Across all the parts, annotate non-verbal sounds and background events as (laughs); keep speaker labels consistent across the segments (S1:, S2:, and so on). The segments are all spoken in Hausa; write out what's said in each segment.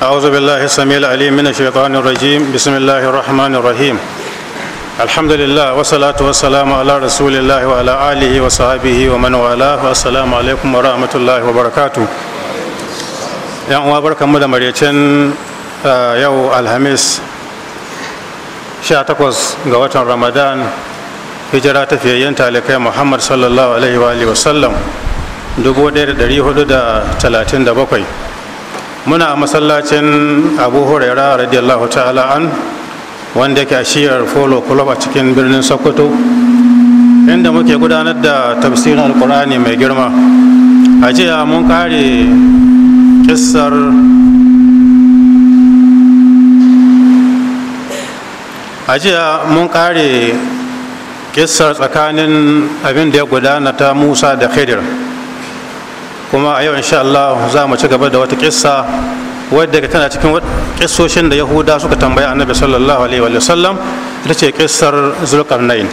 S1: أعوذ بالله السميع العليم من الشيطان الرجيم بسم الله الرحمن الرحيم الحمد لله والصلاة والسلام على رسول الله وعلى آله وصحبه ومن والاه والسلام عليكم ورحمة الله وبركاته يا أمة بركة مدى مريتين يو الهميس sha takwas ga watan ramadan hijira ta fiyayyen talikai muhammad sallallahu alaihi wa sallam 1437 muna masallacin abu huraira radiyallahu ta'ala an wanda yake a shiyar folo club a cikin birnin sokoto inda muke gudanar da tafsirin alkur'ani mai girma a jiya mun kare kissar a jiya mun kare kissar tsakanin abin da ya gudana ta musa da khidir kuma a yau insha Allah za mu ci gaba da wata kissa wadda tana cikin kissoshin da yahuda suka tambaya annabi sallallahu alaihi wa sallam ita ce kissar zulkarnain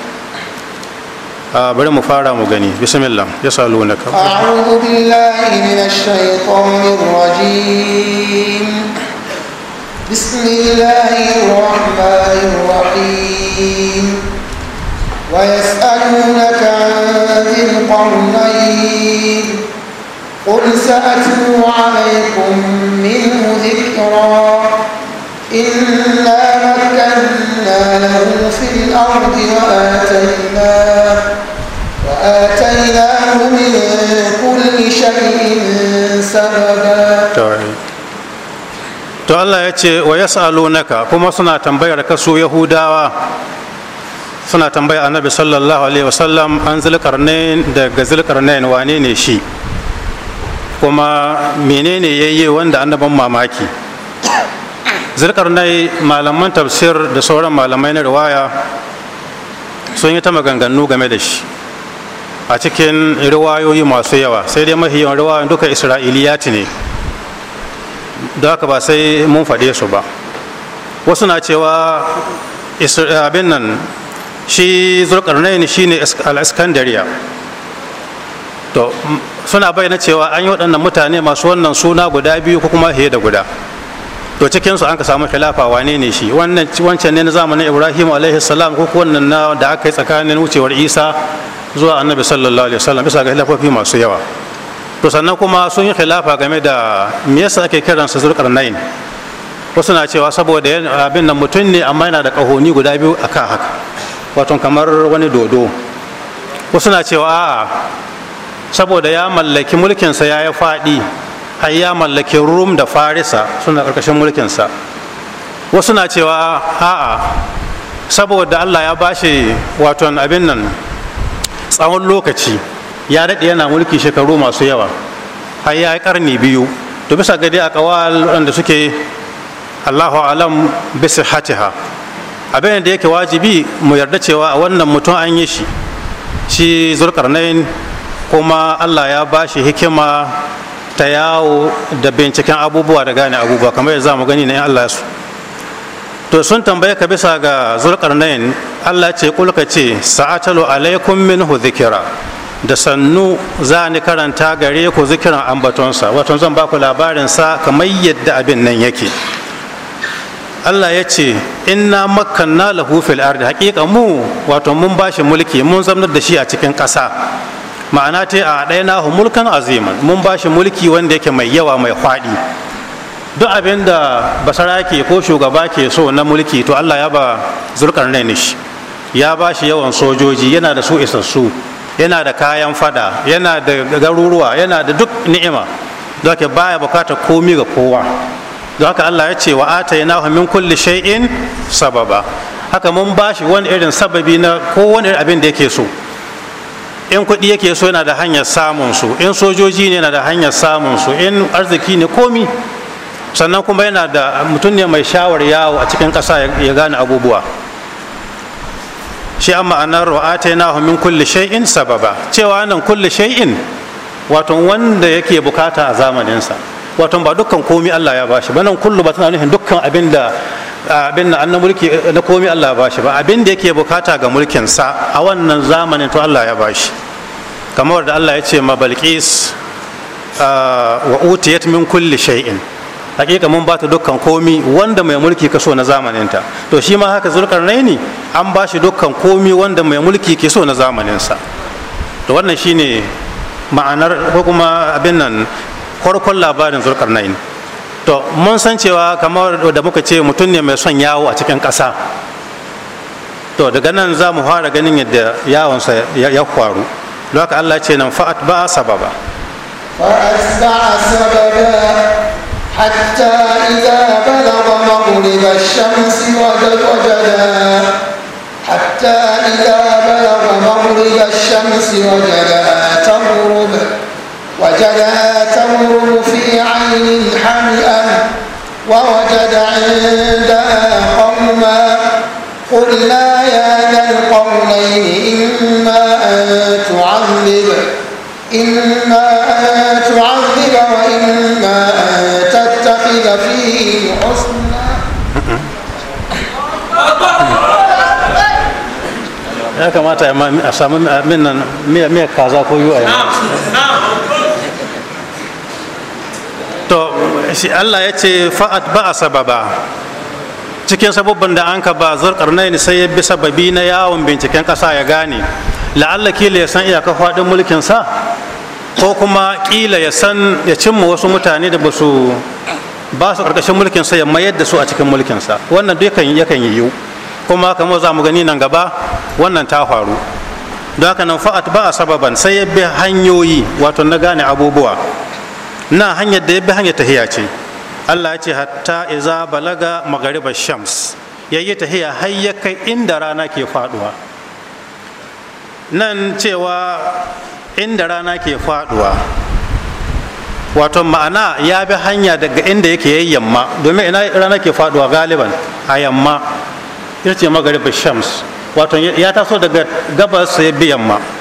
S1: bari mu fara mu gani bismillah ya salu na ka.
S2: a'udhu billahi minash shaitanir rajim bismillahir rahmanir rahim ويسألونك عن ذي القرنين قل سأتلو عليكم منه ذكرا إنا مكنا له في الأرض وآتيناه وآتيناه من كل شيء سببا
S1: to Allah ya ce wa ya naka kuma suna tambayar ka su Yahudawa suna tambaya annabi sallallahu alaihi wasallam an zulkarnain daga zulkarnain wane ne shi kuma menene yayye wanda annaban mamaki zirkarnai malaman tafsir da sauran malamai na riwaya sun yi ta maganganu game da shi a cikin riwayoyi masu yawa sai dai yawan riwayoyin duka isra'iliyati ne da haka ba sai mun faɗe su ba wasu na cewa abin nan shi zurkarnain ne al-iskandariya to suna bayyana cewa an yi waɗannan mutane masu wannan suna guda biyu ko kuma fiye da guda to cikin su an ka samu khilafa wane ne shi wannan wancan ne na zamanin Ibrahim alaihi salam ko wannan na da aka yi tsakanin wucewar Isa zuwa Annabi sallallahu alaihi wasallam bisa ga khilafofi masu yawa to sannan kuma sun yi khilafa game da me yasa ake kiran sa zulqarnain wasu na cewa saboda abin nan mutum ne amma yana da kahoni guda biyu a haka wato kamar wani dodo wasu na cewa a'a saboda ya mallaki mulkinsa ya yi faɗi har ya mallaki rum da farisa suna ƙarƙashin mulkinsa wasu na cewa a'a saboda allah ya bashi waton abin nan tsawon lokaci ya daɗe yana mulki shekaru masu yawa har ya yi ƙarni biyu to bisa gadi a ƙawal waɗanda suke allahu alam bisa hatiha abin da yake wajibi mu yarda cewa a wannan mutum an yi shi shi zulkarnain kuma allah ya ba shi hikima ta yawo da binciken abubuwa da gane abubuwa kamar yadda za mu gani na allah su to sun tambaye ka bisa ga zulkarnain allah ce kulka ce sa'atalu alaikum minhu zikira da sannu za ni karanta gare ku zikiran ambatonsa wato zan ba ku labarin sa kamar yadda abin nan yake allah ya ce inna makanna lahu fil ardi haƙiƙa mu wato mun bashi mulki mun zamnar da shi a cikin ƙasa ma'ana ta a ɗaya na mulkan aziman mun ba shi mulki wanda yake mai yawa mai faɗi duk abin da basara ke ko shugaba ke so na mulki to allah ya ba zulkarnain shi ya ba shi yawan sojoji yana da su isassu yana da kayan fada yana da garuruwa yana da duk ni'ima da ke baya bukata komi ga kowa da haka allah ya ce wa yana min kulle shay'in sababa haka mun ba shi wani irin sababi na kowane abin da yake so in kuɗi yake so yana da hanyar samun su in sojoji ne yana da hanyar samun su in arziki ne komi sannan kuma yana da mutum ne mai shawar yawo a cikin ƙasa ya gane abubuwa shi amma anar ra'atainahu min kulli shay'in sababa cewa nan kulli shay'in wato wanda yake bukata a zamaninsa wato ba dukkan komi Allah ya bashi ba nan kullu ba tana nufin dukkan abin da abin da annan mulki eh, na komi Allah ya bashi ba abin da yake bukata ga mulkin sa a wannan zamanin to Allah ya bashi kamar da Allah ya ce ma Balqis ah, wa utiyat min kulli shay'in hakika mun bata dukkan komi wanda mai mulki ka so na zamanin ta to shi ma haka zulkarnaini an bashi dukkan komi wanda mai mulki ke so na zamanin sa to wannan shine ma'anar ko kuma abin nan farkon labarin zulkarnain to mun san cewa kamar da muka ce mutum ne mai son yawo a cikin ƙasa to daga nan za mu fara ganin yadda yawonsa ya faru don haka allah ce nan fa'at ba sababa
S2: فأتبع سببا حتى إذا بلغ مغرب الشمس وجدها حتى إذا بلغ مغرب الشمس وجدها تغرب وجدا ثور في عين حمئة ووجد عندها قوما قلنا يا ذا القرنين إما أن تعذب إما أن تعذب وإما أن تتخذ فيهم حسنا
S1: ya kamata ya a samu min nan miyar kaza ko yi ya yanzu to shi Allah ya ce fa'ad ba a sababa cikin sababban da an ka ba ne sai ya bi sababi na yawon binciken ƙasa ya gane la'alla kila ya san iyaka faɗin mulkin sa ko kuma kila ya san ya cimma wasu mutane da ba su ba su ƙarƙashin mulkin sa ya mayar da su a cikin mulkin sa wannan duk yakan yiwu kuma kamar za mu gani nan gaba wannan ta faru don haka nan fa'at ba a sababan sai ya bi hanyoyi wato na gane abubuwa na hanyar da ya bi hanyar tahiya ce Allah ya ce hatta iza balaga magariba shams ya yi tahiya har ya kai inda rana ke faduwa nan cewa inda rana ke faduwa wato ma'ana ya bi hanya daga inda yake yayi yamma domin ina rana ke faduwa galiban a yamma ita ce magariba shams wato ya taso daga gabas ya bi yamma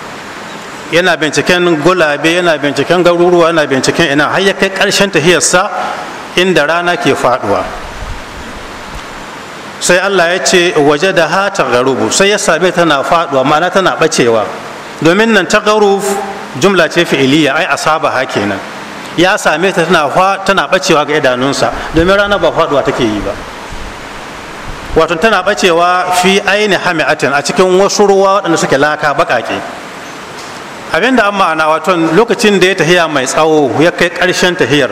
S1: yana binciken gulabe yana binciken garuruwa yana binciken ina har ya kai ƙarshen tahiyarsa inda rana ke faduwa sai allah ya ce waje da hatar garubu sai ya same tana faduwa ma'ana tana bacewa domin nan ta garuf jumla ce fi'iliya ai asaba ha kenan ya same ta tana tana bacewa ga idanunsa domin rana ba faduwa take yi ba wato tana bacewa fi aini hami'atin a cikin wasu ruwa waɗanda suke laka baƙaƙe abin da an ma'ana waton lokacin da ya tahiya mai tsawo ya kai ƙarshen tahiyar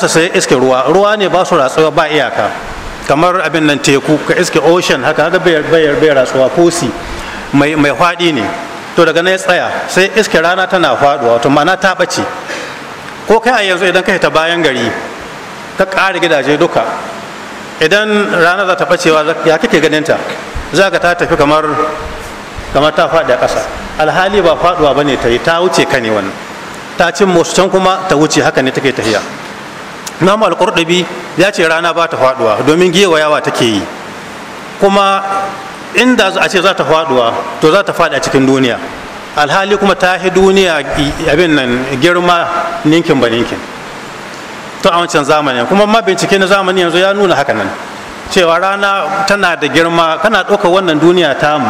S1: sa sai iske ruwa ruwa ne ba su ratsuwa ba iyaka kamar abin nan teku ka iske ocean haka ga bayar bayar ratsuwa kosi mai mai faɗi ne to daga nan ya tsaya sai iske rana tana faɗuwa wato ma'ana ta ɓace ko kai a yanzu idan ka ta bayan gari ka ƙara gidaje duka idan rana za ta ɓacewa ya kake ganin ta za ka ta tafi kamar kamar ta faɗi a ƙasa alhali ba faɗuwa ba ne ta yi ta wuce ka ne wannan ta cin can kuma ta wuce haka ne take tafiya namu alƙurɗabi ya ce rana ba ta faɗuwa domin yawa take yi kuma inda a ce za ta faɗuwa to za ta faɗi a cikin duniya alhali kuma ta yi duniya abin nan girma ninkin ba ninkin to a wancan zamani kuma ma bincike na zamani yanzu ya nuna haka nan cewa rana tana da girma kana ɗaukar wannan duniya tamu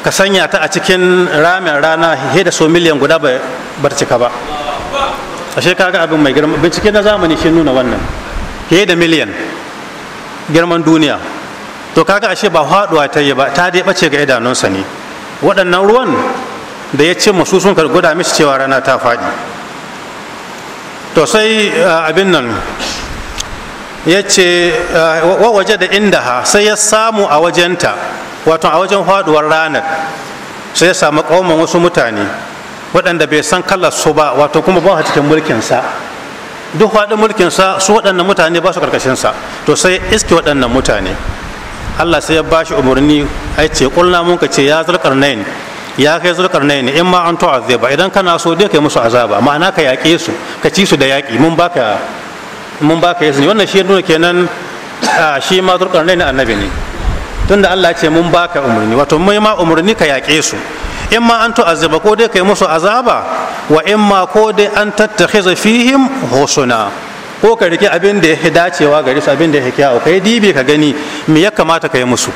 S1: ka sanya ta a cikin ramin rana he da so miliyan guda ba cika ba ashe kaga abin mai girma bincike na zamani shi nuna wannan he da miliyan girman duniya to kaga ashe ba haɗuwa ta yi ba ta dai bace ga idanunsa ne waɗannan ruwan da ya ce masu sun guda mishi cewa rana ta faɗi to sai uh, abin nan ya ce uh, waje da inda ha sai ya samu a wajenta wato a wajen faduwar ranar sai ya samu kauman wasu mutane waɗanda bai san kallar su ba wato kuma ba cikin mulkinsa duk faɗin mulkinsa su waɗannan mutane ba su sa, to sai iske waɗannan mutane Allah sai ya ba shi umarni ai ce kulna mun ka ce ya nayin ya kai nayin in ma an ba idan kana so dai kai musu azaba ma'ana ka yaƙe su ka ci su da yaƙi mun baka mun baka yasni wannan shi nuna kenan shi ma nayin annabi ne tunda Allah ce mun baka umarni wato mai ma umarni ka yaƙe su in ma an azaba ko dai kai musu azaba wa in ma ko dai an tattakhiza fihim husuna ko ka rike abin da ya dacewa gare su abin da ya kyau kai dibi ka gani me ya kamata ka yi musu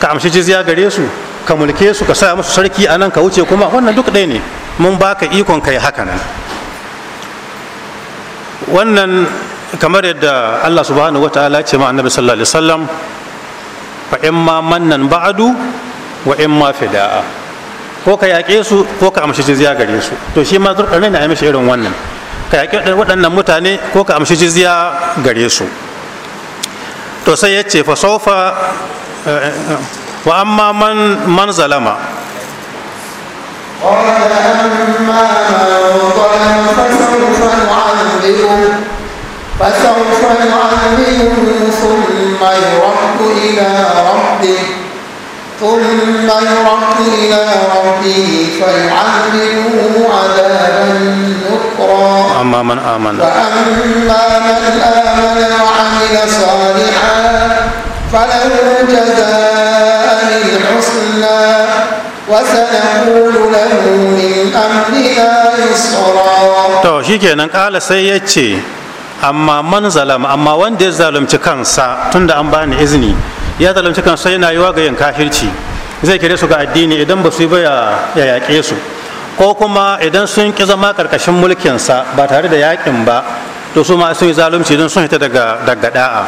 S1: ka amshi jizya gare su ka mulke su ka sa musu sarki a nan ka wuce kuma wannan duk ɗaya ne mun baka ikon kai haka nan wannan kamar yadda Allah subhanahu wataala ya ce ma annabi sallallahu alaihi wasallam fa in ma mannan ba'adu wa in ma fida'a ko ka yaƙe su ko ka amshi jizya gare su to shi ma ne na mishi irin wannan ka yaƙe waɗannan mutane ko ka amshi jizya gare su to sai ya ce fa sofa wa amma man man zalama
S2: قال فسوف ثم يرد إلى ربه ثم يرد إلى ربه فيعذبه
S1: عذابا نكرا أما من آمن فأما من آمن وعمل
S2: صالحا فله جزاء الحسنى وسنقول
S1: له من أمرنا يسرا. تو شيكي نقال سيئتي amma man zalama amma wanda ya zalunci kansa tunda an bani izini ya zalunci kansa yana yiwa ga yin kafirci zai kire su ga addini idan ba su yi ba ya yaƙe su ko kuma idan sun ƙi zama ƙarƙashin mulkinsa ba tare da yaƙin ba to su ma sun yi zalunci don sun hita daga daga da'a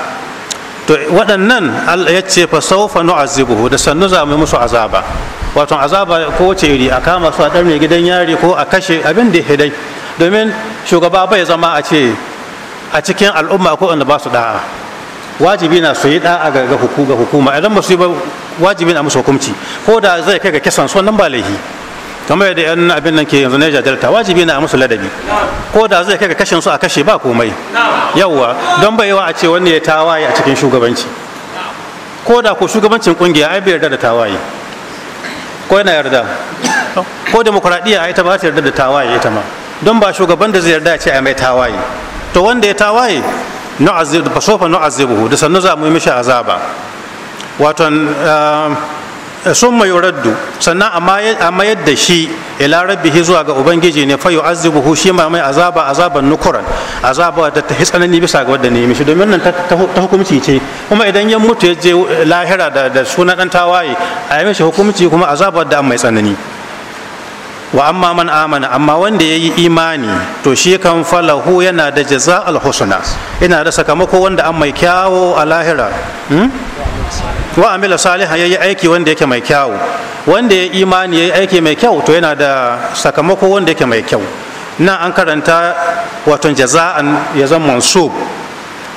S1: to waɗannan Allah ya ce fa sawfa nu'azibuhu da sannu za mu yi musu azaba wato azaba ko wace iri a kama su a ɗarme gidan yari ko a kashe abin da ya hidai domin shugaba bai zama a ce a cikin al'umma ko wanda ba su da'a wajibi na su yi da'a ga ga hukuma idan ba su yi ba wajibi na musu hukunci ko da zai kai ga kisan su nan ba laifi kamar yadda yan abin nan ke yanzu Niger Delta wajibi na musu ladabi ko da zai kai ga kashin su a kashe ba komai yawwa don bai yawa a ce wani ya tawaye a cikin shugabanci ko da ko shugabancin kungiya ai bai yarda da tawaye ko yana yarda ko demokuraɗiyya ai ta ba ta yarda da tawaye ita ma don ba shugaban da zai yarda ya ce ai mai tawaye to wanda ya tawaye nu'azzib fa sofa nu'azzibuhu da sannu za mu yi mishi azaba waton um, sun mai raddu sannan a mayar da shi ila rabbihi zuwa ga ubangiji ne fa yu'azzibuhu shi ma mai azaba azaban nukuran azaba da ta tsanani bisa ga wanda ne mishi domin nan ta hukumci ce kuma idan ya mutu ya je lahira da sunan dan tawaye a yi mishi hukumci kuma azaba da mai tsanani wa amma man amana amma wanda ya yi imani to shi kan falahu yana da jaza alhusuna yana da sakamako wanda an mai kyawo a lahira hmm? wa amila saliha ya yi aiki wanda yake mai kyawo, wanda ya yi imani ya yi aiki mai kyau to yana da sakamako wanda yake mai kyau na an karanta wato jaza'an ya zan mansub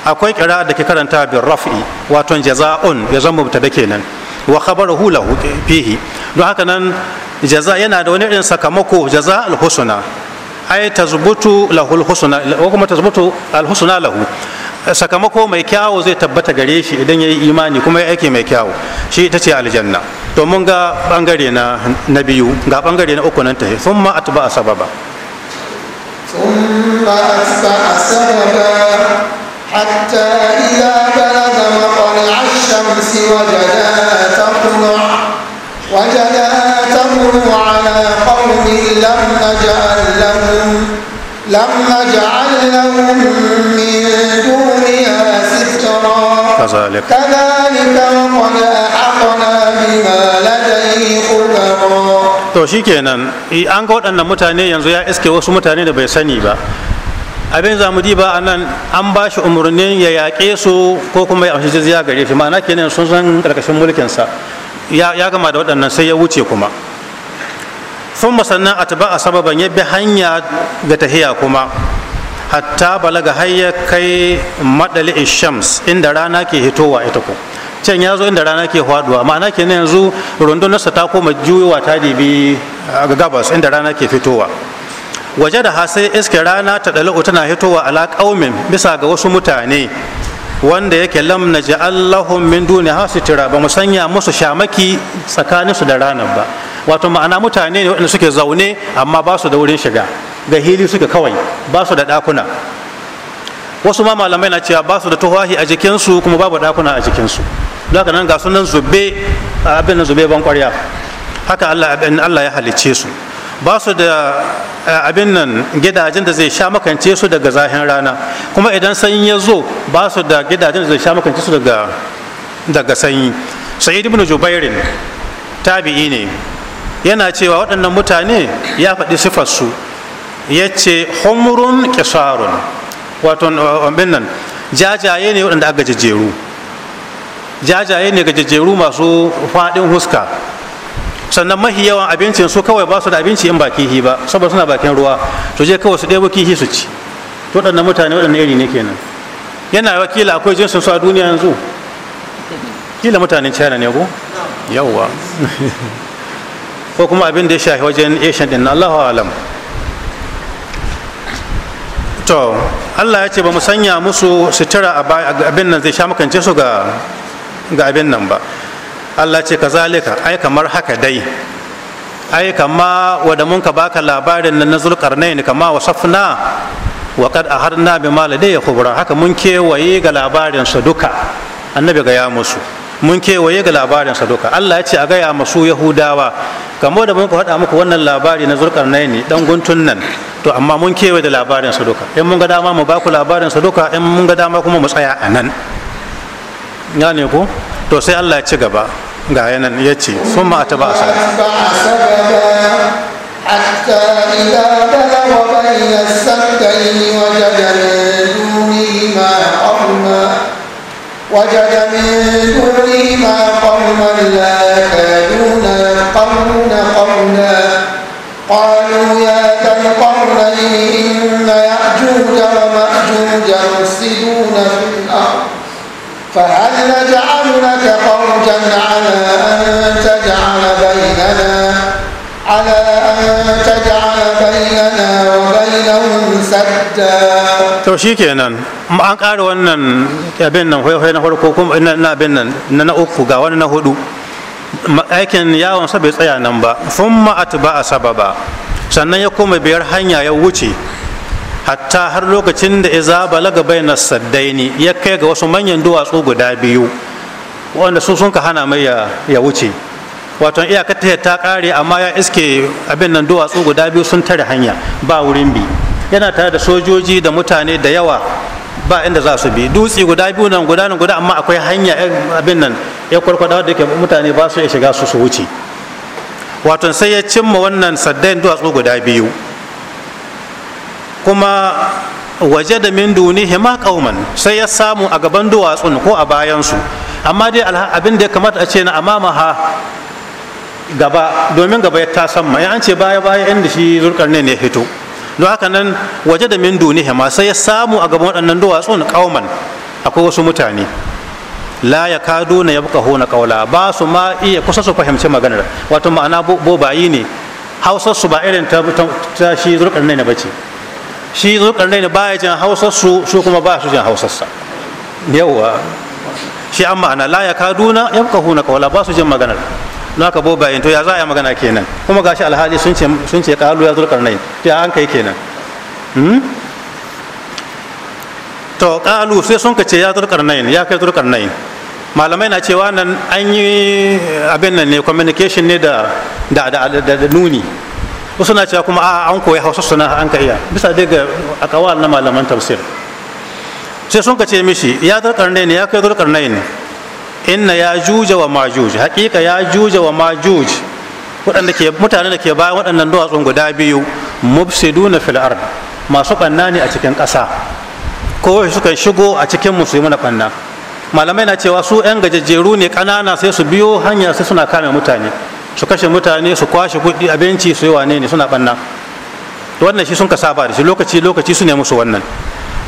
S1: akwai kira da ke karanta bin raf'i wato jaza'un ya zan mubtada kenan wa khabarahu lahu fihi don haka nan jaza yana da wani irin sakamako jaza alhusuna ai tazbutu lahu alhusuna ko kuma tazbutu alhusuna lahu sakamako mai kyawu zai tabbata gare shi idan yayi imani kuma ya aiki mai kyawu shi ita ce aljanna to mun ga bangare na na biyu ga bangare na uku nan ta thumma atba sababa thumma asba'a sababa hatta
S2: idza الشمس وجدها تطلع وجدها تطلع على قوم لم نجعل لهم لم نجعل لهم من دونها
S1: سترا كذلك
S2: كذلك وقد أحقنا بما
S1: لديه خبرا to shikenan an ga waɗannan mutane yanzu ya iske wasu mutane da bai sani ba abin za mu diba a nan an ba shi umarnin ya yaƙe su ko kuma ya amshi jizya gare shi ma'ana kenan sun san ƙarƙashin mulkinsa ya gama da waɗannan sai ya wuce kuma sun sannan a taba a sababan ya bi hanya ga tahiya kuma hatta balaga har ya kai maɗali shams inda rana ke hitowa ita ku. can ya zo inda rana ke faduwa ma'ana kenan yanzu rundunarsa ta koma juyowa ta dibi gabas inda rana ke fitowa waje da sai iske rana ta ɗali'u tana hitowa ala ƙaumin bisa ga wasu mutane wanda yake lam na allahun min duniya ha tira ba sanya musu shamaki tsakanin su da ranar ba wato ma'ana mutane ne waɗanda suke zaune amma ba su da wurin shiga ga hili suke kawai ba su da ɗakuna wasu ma malamai na cewa ba su da tuhahi a jikinsu kuma babu ɗakuna a jikinsu don haka nan ga sunan zube abin zube ban kwarya haka Allah ya halicce su ba su da abin nan gidajen da zai sha makance su daga zahin rana kuma idan sanyi ya zo ba su da gidajen da zai sha makance su daga sanyi sa'id ibn jubairin tabi'i ne yana cewa waɗannan mutane ya faɗi su, ya ce homurun kisarun wato abin nan jajaye ne waɗanda aka jajjeru jajaye ne ga jajjeru masu faɗin huska sannan mahi yawan abincin su kawai ba su da abinci in ba kihi ba saboda suna bakin ruwa to je kawai su ɗebo kihi su ci waɗannan mutane waɗanne iri ne kenan yana yawa kila akwai jinsin su a duniya yanzu kila mutanen china ne ko yawwa (laughs) ko kuma abin da ya shafi wajen asian din allahu alam to allah ya ce ba mu sanya musu sutura abin nan zai sha makance su ga abin nan ba Allah ce kazalika ai kamar haka dai ai kama wanda mun ka baka labarin nan na zulkarnain kama wasafna wa qad aharna dai ya khubra haka mun kewaye ga labarin sa duka annabi ga ya musu mun kewaye ga labarin sa duka Allah ya ce a gaya masu yahudawa kamar da ka faɗa muku wannan labari na zulkarnaini dan guntun nan to amma mun kewaye da labarin sa duka in mun ga dama mu baku labarin sa duka in mun ga dama kuma mu tsaya a nan ne ko to sai Allah ya ci gaba ga yanan ya ce sun ma ta ba a sababa حتى إذا بلغ
S2: بين السدين وجد من دونهما قوما وجد من دونهما قوما لا يكادون يفقهون قولا قالوا يا ذا القرنين إن يأجوج ومأجوج مفسدون في فهل نجعل لك فرجا على أن تجعل بيننا على أن
S1: تجعل بيننا وبينهم سدا to shikenan an ƙara wannan abin nan hoihoi na farko kuma na abin nan na uku ga wani na hudu aikin yawon sa bai tsaya nan ba sun ma'atu ba a sababa sannan ya koma biyar hanya ya wuce hatta har lokacin da iza balaga bayna saddaini ya kai ga wasu manyan duwatsu guda biyu wanda su sun ka hana mai ya wuce wato iyakar ta ta kare amma ya iske abin nan duwatsu guda biyu sun tare hanya ba wurin bi yana tare da sojoji da mutane da yawa ba inda za su bi dutse guda biyu nan guda nan guda amma akwai hanya eh, abin nan ya kwarkwada da yake mutane ba su ya shiga su su wuce wato sai ya cimma wannan saddain duwatsu guda biyu kuma waje da min hima kauman sai ya samu a gaban duwatsun ko a bayansu amma dai abin da ya kamata a ce na amama ha gaba domin gaba ya ta tasan ya an ce baya baya inda shi ne ya fito don haka nan waje da min hima sai ya samu a gaban waɗannan duwatsun kauman akwai wasu mutane la ya kado na ya hona kaula ba su ma iya kusa su fahimci maganar wato ma'ana bobayi ne hausar su ba irin ta shi zurkar ne na bace shi zulkarnain baya jin hausar su su kuma ba su jin hausar sa yawa shi amma ana la ya kaduna ya ka yafqahuna qawla ba su jin magana na ka bo bayin to ya za a yi magana kenan kuma gashi alhali sun ce sun ce kalu ya zulkarnain to ya an kai kenan hmm? to kalu sai sun ka ce ya zulkarnain ya kai zulkarnain malamai na cewa nan an yi eh, abin nan ne communication ne da da da nuni wasu na cewa kuma a an koya hausa suna an ka iya bisa daga ga akawal na malaman tafsir sai sun ka ce mishi ya zar karnai ne ya kai zar karnai ne inna ya juja wa majuj hakika ya juja wa majuj waɗanda mutane da ke bayan waɗannan duwatsun guda biyu mufsiduna fil ard masu ɓanna ne a cikin ƙasa ko suka shigo a cikin musulmi na ƙanna. malamai na cewa su 'yan gajejjeru ne ƙanana sai su biyo hanya sai suna kame mutane su kashe mutane su kwashe kuɗi abinci su yi wane ne suna ɓanna wannan shi sun ka saba da shi lokaci lokaci su ne musu wannan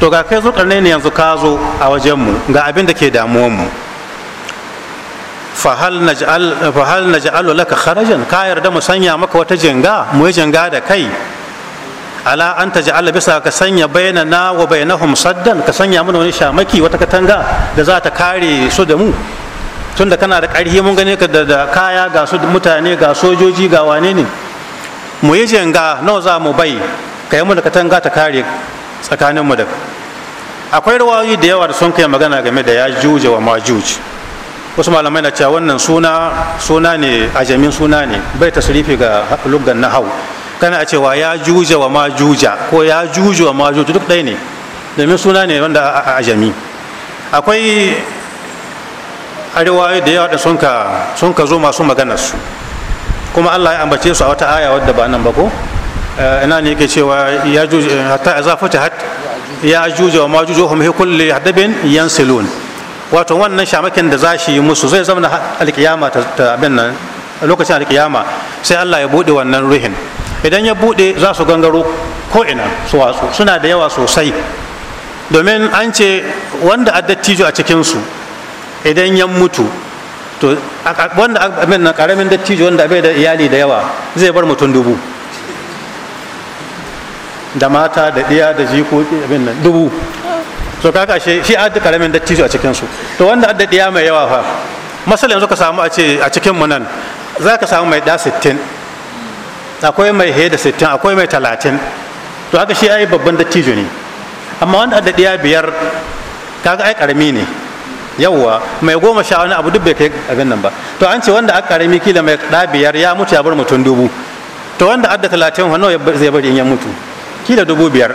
S1: to ga kai zuƙarne ne yanzu ka zo a wajenmu ga abin da ke damuwanmu fahal na ja'alu laka kharajan ka yarda mu sanya maka wata jinga mu yi jinga da kai ala an ta bisa ka sanya bayyana na wa bayanahum saddan ka sanya mana wani shamaki wata katanga da za ta kare su da mu tunda kana da ƙarfi mun gane ka da kaya ga su mutane ga sojoji ga wane ne mu yi jenga nawa za mu bai ka yi da katanga ta kare tsakanin mu da akwai rawayoyi da yawa da sun kai magana game da ya juje wa majuj wasu malamai na cewa wannan suna suna ne ajamin suna ne bai tasrifi ga lugan hau. kana a cewa ya juje wa majuja ko ya juje wa majuj duk ɗaya ne domin suna ne wanda ajami akwai a da yawa da sun ka zo masu maganarsu kuma allah ya ambace su a wata aya wadda ba nan ba ko eh, ina ne yake cewa ya juje eh, hatta idza ya juje wa majuju hum kulli hadabin yansilun wato wannan shamakin da za shi yi musu zai zama alkiyama ta abin nan lokacin alkiyama sai Allah ya buɗe wannan ruhin idan ya buɗe za su gangaro ko ina su watsu suna da yawa sosai domin an ce wanda dattijo a cikinsu. idan ya mutu to wanda abin na karamin dattijo wanda bai da iyali da yawa zai bar mutum dubu da mata da ɗiya da jiko abin nan dubu so kaka shi shi a karamin dattijo a cikin su to wanda adda ɗiya mai yawa fa masalan yanzu ka samu a ce a cikin mu nan za ka samu mai da 60 akwai mai he da sittin akwai mai talatin to haka shi ai babban dattijo ne amma wanda adda ɗiya biyar kaga ai karami ne yawwa mai goma sha wani abu duk bai kai abin nan ba to an ce wanda aka karami kila mai da biyar ya mutu ya bar mutum dubu to wanda adda talatin wa nawa zai bari in ya mutu kila dubu biyar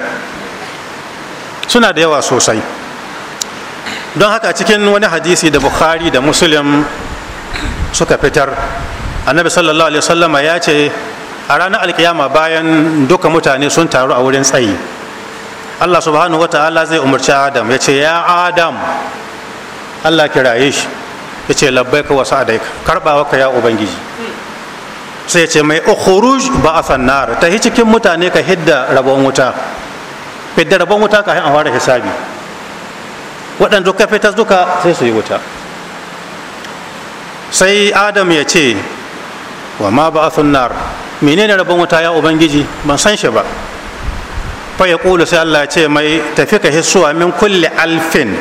S1: suna da yawa sosai don haka cikin wani hadisi da bukhari da muslim suka fitar annabi sallallahu alaihi wasallam ya ce a ranar alkiyama bayan duka mutane sun taru a wurin tsayi allah subhanahu wa ta'ala zai umarci adam ya ce ya adam Allah kiraye shi ya ce ka wasu sa'adaika karbawa ka ya ubangiji sai ce mai ukhruj a sannar, ta yi cikin mutane ka hidda rabon wuta fidda rabon wuta ka a fara hisabi waɗanda ka fitas duka sai su yi wuta sai adam ya ce wa ma ba'athun sannar, menene rabon wuta ya ubangiji ban san shi ba fa ya kula sai Allah ya ce mai tafi ka hissuwa min kulle alfin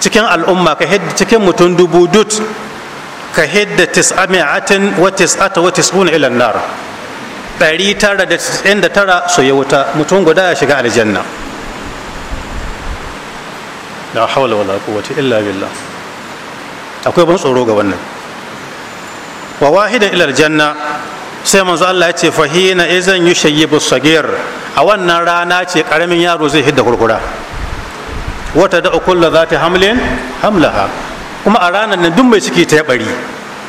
S1: cikin al'umma ka hidda cikin mutum dubu dut ka hidda tis'ami'atin wa tis'ata wa tis'una ila nar ɗari tara da tis'in da tara su ya wuta mutum guda ya shiga aljanna la hawla wala quwwata illa billah akwai ban tsoro ga wannan wa wahidan ila aljanna sai manzo Allah ya ce fahina izan yushayyibu sagir a wannan rana ce karamin yaro zai hidda kurkura wata da kulla za ta hamlin hamlaha kuma a ranar nan duk mai ciki ta bari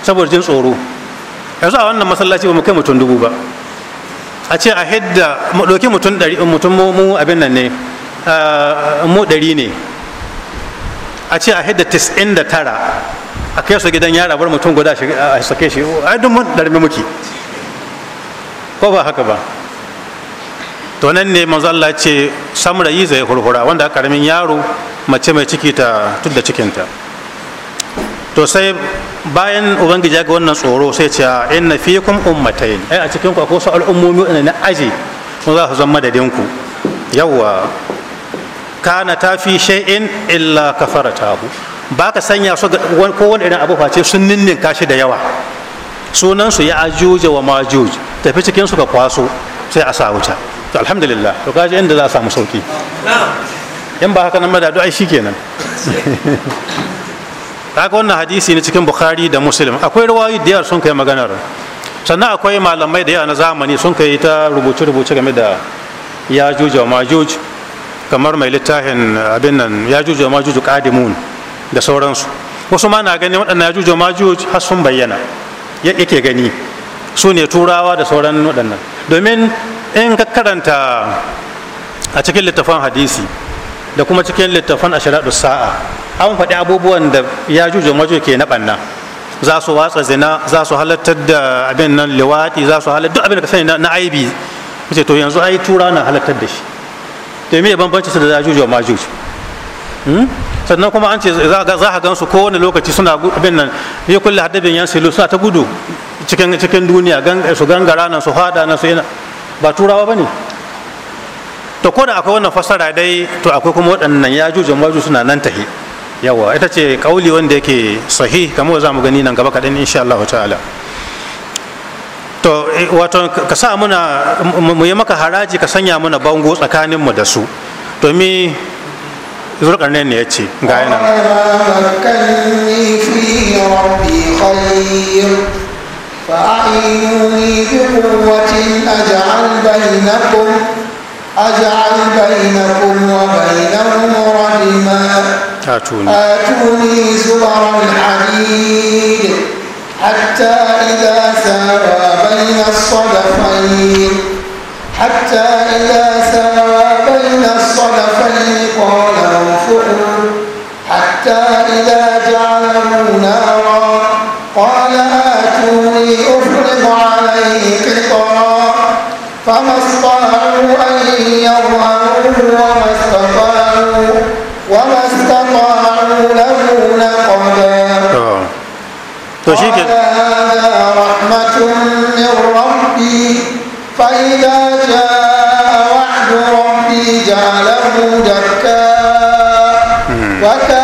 S1: saboda jin tsoro yanzu a wannan masallaci ba mu kai mutum dubu ba a ce a hidda mu ɗauki mutum ɗari mutum mu abin nan ne mu ɗari ne a ce a hidda tis'in da tara a kai su gidan yara bar mutum guda a sake shi a duk mun ɗarmi muke ko ba haka ba to nan ne manzo Allah ce yi zai hurhura wanda karamin yaro mace mai ciki ta tudda cikinta to sai bayan ubangiji ya ga wannan tsoro sai ce inna fiikum ummatayn ai a cikin ku akwai su al'ummomi wanda na aji mun za su zama madadin ku yawwa kana ta fi shay'in illa kafaratahu ba ka sanya su ko wani irin abu face sun ninninka kashi da yawa sunan su ya ajuje wa majuj tafi cikin su ka kwaso sai a sa wuta to alhamdulillah to kaji inda za a samu sauki in ba haka nan ba da du'ai shikenan (laughs) haka wannan hadisi ne cikin bukhari da muslim akwai rawayoyi da yawa sun kai maganar sannan akwai malamai da yawa na zamani sun kai ta rubuce-rubuce game da ya juju ma juju kamar mai littafin abin nan ya juju ma juju kadimun da sauransu wasu ma na gani waɗannan ya juju ma juju har sun bayyana yake gani su ne turawa da sauran waɗannan domin in ka karanta a cikin littafan hadisi da kuma cikin littafan ashiradu sa'a an faɗi abubuwan da ya juje majo ke na ɓanna za su watsa zina za su halattar da abin nan liwaɗi za su halattar duk abin da ka sani na aibi kuce to yanzu ai tura na halattar da shi to me bambanci su da ya juje majo hmm? sannan kuma an ce za a gansu kowane lokaci suna abin nan ya kulle haddabin yan silu suna ta gudu cikin duniya su gangara nan su hada nan su ina ba turawa ba ne to ko da akwai wannan fassara dai to akwai kuma waɗannan ya juje maju suna nan tahi yawa ita ce kauli wanda yake sahi kamar za mu gani nan gaba kaɗan insha Allah ta'ala to eh, wato ka sa muna mu yi maka haraji ka sanya muna bango tsakanin mu da su to mi zurƙarne ne ya ce ga yana
S2: فأعينوني بقوة أجعل بينكم أجعل بينكم وبينهم رحما آتوني آتوني زبر الحديد حتى إذا ساوى بين الصدفين حتى إذا ساوى بين الصدفين قال انفقوا حتى إذا جعله نارا قال أفرض عليه قطرا فما استطاعوا أن يظهروه وما استطاعوا وما استطاعوا له نقبا
S1: آه. طيب، قال
S2: هذا رحمة من ربي فإذا جاء وعد ربي جعله دكا وكان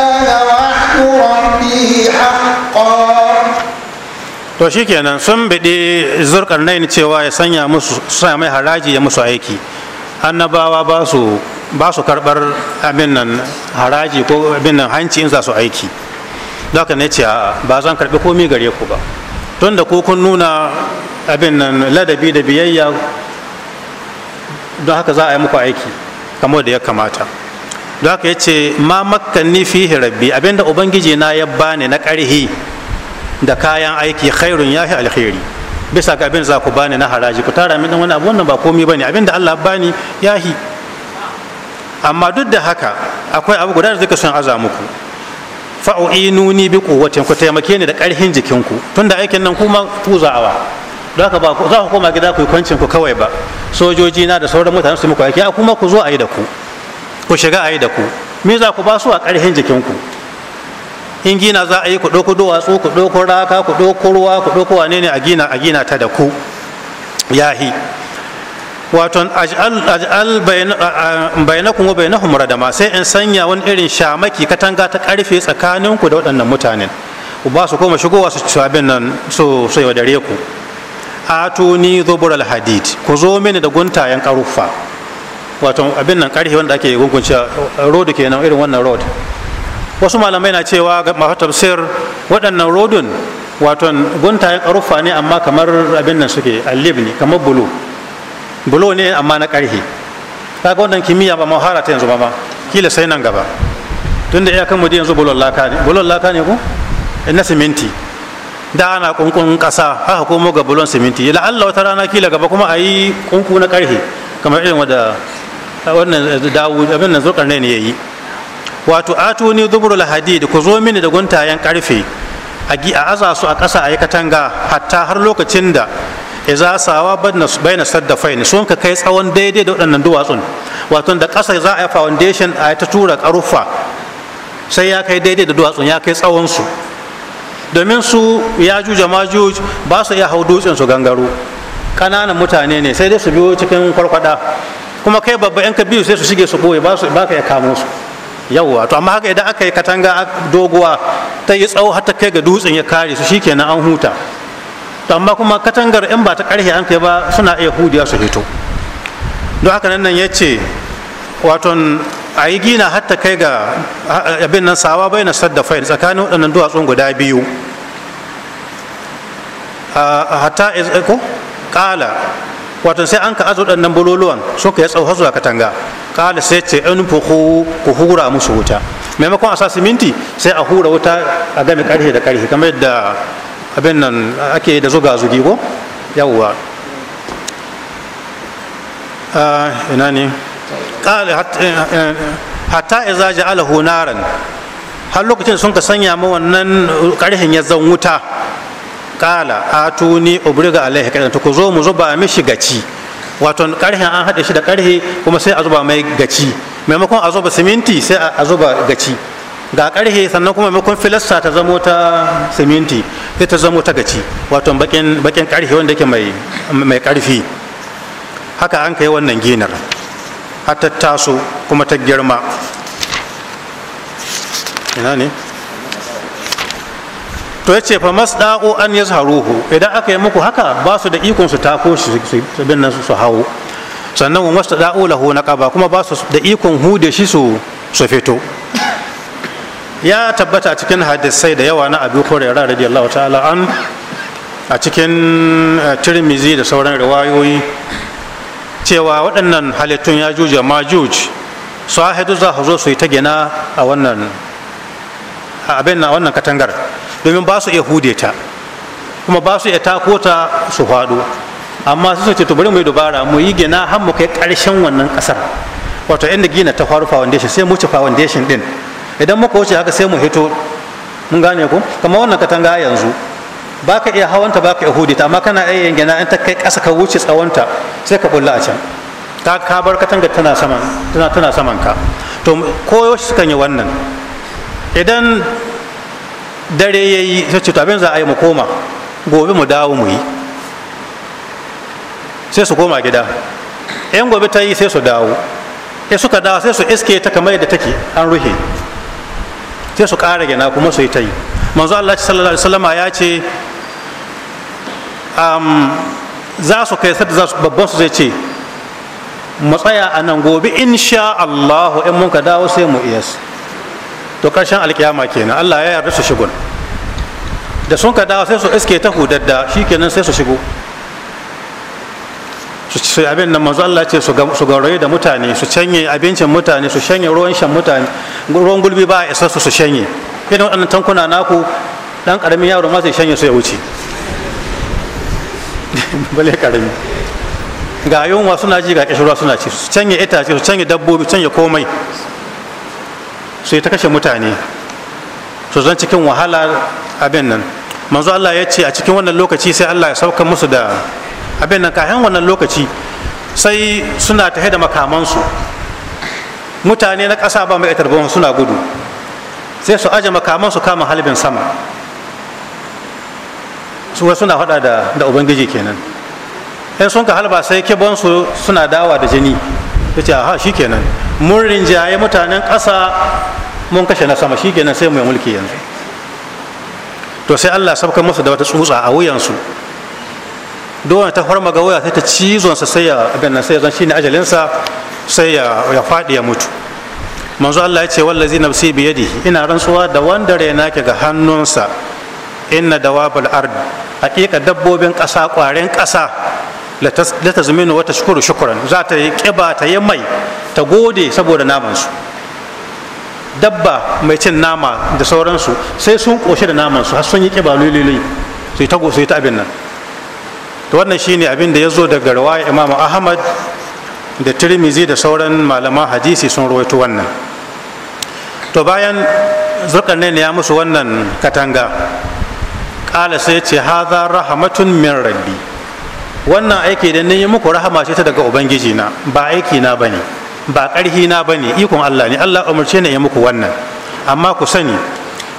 S1: to kenan sun biɗi zurƙarnain cewa ya sanya musu sanya mai haraji ya musu aiki annabawa ba su ba su karɓar abin nan haraji ko abin nan hanci in za su aiki haka ne ce ba zan karɓi komi gare ku ba tun da kun nuna abin nan ladabi da biyayya don haka za a yi muku aiki kamar da ya kamata don haka ya ce ma makkanni fihi rabbi abinda ubangiji na ya bani na ƙarhi da kayan aiki khairun fi alkhairi bisa ga abin za ku bani na haraji ku tara min wani abu wannan ba komai bane abin da Allah bani ya yahi amma duk da haka akwai abu guda da zaka son aza muku fa'u'inuni bi quwwatin ku taimake ni da karhin jikinku tunda aikin nan kuma tuzawa don haka ba za ku koma gida ku yi kwancin ku kawai ba sojoji na da sauran mutane su muku aiki a kuma ku zo a yi da ku ku shiga a yi da ku me za ku ba su a ƙarfin jikinku in gina za a yi ku ɗauko duwatsu ku ɗauko raka ku ɗauko ruwa ku ɗauko wane ne a gina a gina ta da ku yahi waton aj'al bainakum wa da ma sai in sanya wani irin shamaki katanga ta karfe tsakaninku da waɗannan mutanen ku ba su koma shigowa su ci abin nan su wa dare ku atuni zubural hadid ku zo mini da guntayen karuffa wato abin nan karfe wanda ake gungunce road kenan irin wannan road wasu malamai na cewa ga masu tafsir waɗannan rodun waton guntayen ƙarufa ne amma kamar abin nan suke allib ne kamar bulo bulo ne amma na ƙarhe kaga wannan kimiyya ba mahara ta yanzu ba ba kila sai nan gaba tunda kan mu yanzu bulon laka ne bulon laka ne ko eh, na siminti da ana kunkun ƙasa haka komo ga bulon siminti la Allah wata rana kila gaba kuma a yi kunku na ƙarhe kamar irin wanda wannan dawo abin nan zurkar ne ya yi wato atuni zubrul hadid ku zo mini da guntayen karfe a aza a ƙasa a yi katanga hatta har lokacin da iza sawa bayna saddafain sun ka kai tsawon daidai da waɗannan duwatsun wato da kasa za a yi foundation a ta tura ƙaruffa sai ya kai daidai da duwatsun ya kai tsawon su domin su ya juja ba su iya hau dutsen su gangaro ƙananan mutane ne sai dai su biyo cikin kwarkwada kuma kai babba yan ka biyu sai su shige su ɓoye ba ka ya kamo su yawwa to amma haka idan aka yi katanga doguwa ta yi tsawo har ta kai ga dutsen ya kare su shikenan an huta to amma kuma katangar in ba ta karhe an kai ba suna iya hudiya su fito don haka nan nan yace waton a yi gina har ta kai ga abin nan sawa bai na sadda fai tsakanin waɗannan duwatsun guda biyu hatta eh, ko kala wato sai an ka azu waɗannan bololuwan suka ya tsawo zuwa katanga kada sai ce fuhu ku hura musu wuta maimakon a sa siminti sai a hura wuta a game karhe da karhe kamar yadda abin nan ake da zuga zugi ko yawwa ah, ina ne eh, eh, hatta iza ja'alahu naran har lokacin sun ka sanya ma wannan karhin ya zan wuta kala atuni ubriga alaihi kadan to ku zo mu zuba mishi gaci wato karhen an haɗe shi da karhe kuma sai a zuba mai gaci maimakon a zuba siminti sai a zuba gaci ga karhe sannan kuma maimakon filasta ta zamo ta siminti sai ta zamo ta gaci wato bakin bakin karhe wanda yake mai mai karfi haka an kai wannan ginar har ta taso kuma ta girma ina ne to ya yace fa masdaqu an yazharuhu idan aka yi muku haka ba su da ikon su tako shi su nan su hawo sannan wa masda'u lahu naqaba kuma ba su da ikon hude shi su su fito ya tabbata cikin hadisai da yawa na abu hurairah radiyallahu ta'ala an a cikin eh, tirmizi da sauran riwayoyi cewa waɗannan halittun ya juje ma juj haɗu za su zo su yi ta gina a wannan abin na wannan katangar domin ba su iya hude ta kuma ba su iya tako ta su faɗo amma su ce to bari mu yi dubara mu yi gina har mu kai ƙarshen wannan ƙasar wato inda gina ta faru foundation sai mu ci foundation din idan muka wuce haka sai mu hito mun gane ku kamar wannan katanga yanzu ba ka iya hawanta ba ka iya hude ta amma kana iya gina in ta kai kasa ka wuce tsawonta sai ka bulla a can ta ka bar katanga tana saman tana tana saman ka to koyo shi sukan yi wannan idan dare ya yi sai ce to abin za a yi mu koma gobe mu dawo mu yi sai su koma gida yan gobe ta yi sai su dawo ya suka dawo sai su iske ta kamar yadda take an ruhe sai su ƙara gina kuma su yi ta yi manzo Allah sallallahu alaihi wasallama ya ce za su kai sadda za su babban su zai ce mu tsaya a nan gobe insha Allah in mun ka dawo sai mu iya su to karshen alkiyama kenan Allah ya yarda su shigo da sun ka dawo sai su iske ta hudadda shikenan sai su shigo su abin nan manzo Allah ce su gauraye da mutane su canye abincin mutane su shanye ruwan shan mutane ruwan gulbi ba a isa su su shanye irin wannan tankuna naku dan karamin yaro ma sai shanye su ya wuce (laughs) bale karami ga yunwa suna ji ga kishirwa suna ci su canye itace su canye dabbobi su canye komai su ta kashe mutane su zan cikin wahala abin nan manzo Allah ya ce a cikin wannan lokaci sai Allah ya sauka musu da abin nan kayan wannan lokaci sai suna tahe da makamansu mutane na ƙasa ba mai tarbon suna gudu sai su aje makamansu kama halbin sama su suna faɗa da ubangiji kenan in sun ka halba sai kibonsu suna dawa da jini ya ce aha shikenan mun rinjaye mutanen ƙasa mun kashe na sama shikenan sai mu mulki yanzu to sai allah sabka masa da wata tsutsa a wuyansu dole ta farma ga wuya sai ta cizonsa sai ya abin sai ya zan shine ajalinsa sai ya faɗi ya mutu manzo allah ya ce wallazi nafsi biyadihi ina rantsuwa da wanda rena ke ga hannunsa inna dawabul ard haƙiƙa dabbobin ƙasa ƙwaren ƙasa latazminu wata shukuru shukuran za ta yi kiba ta yi mai ta gode saboda namansu dabba mai cin nama da sauransu sai sun ƙoshi da namansu har sun yi kiba lululul su yi ta gosu ta abin nan to wannan shine abin da ya zo daga rawaya imam ahmad da tirmizi da sauran malaman hadisi sun rawaito wannan to bayan zulkarnain ya musu wannan katanga ƙala sai ce haza rahmatun min rabbi wannan aiki da yi muku rahama ce ta daga ubangiji na ba aiki na bane ba karhi na bane ikon Allah ne Allah umarce ne ya muku wannan amma ku sani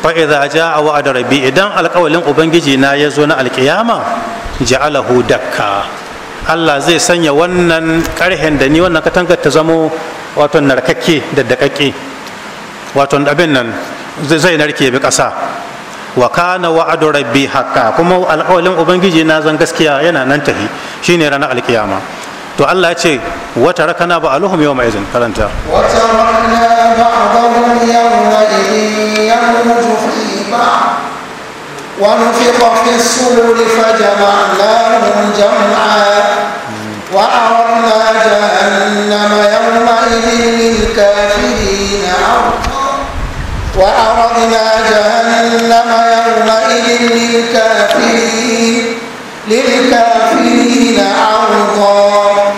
S1: fa idza jaa wa'd rabbi idan alƙawalin ubangiji na ya zo na alƙiyama ja'alahu dakka Allah zai sanya wannan karhen da ni wannan katangar ta zamo wato narkakke da dakakke wato abin nan zai narke bi ƙasa wa kana wa'adu rabbi haqqa kuma alƙawalin ubangiji na zan gaskiya yana nan tahi shine ranar alkiyama to Allah ya ce wa tarakana ba aluhum yawma izin karanta wa
S2: tarakana ba'dahum yawma idin yamutu fi ba'd wa nufiqa fi as-sur fajma'nahum jam'a wa aradna jahannama yawma idin lil kafirin 'arfa وعرضنا جهنم يومئذ للكافرين للكافرين عرضا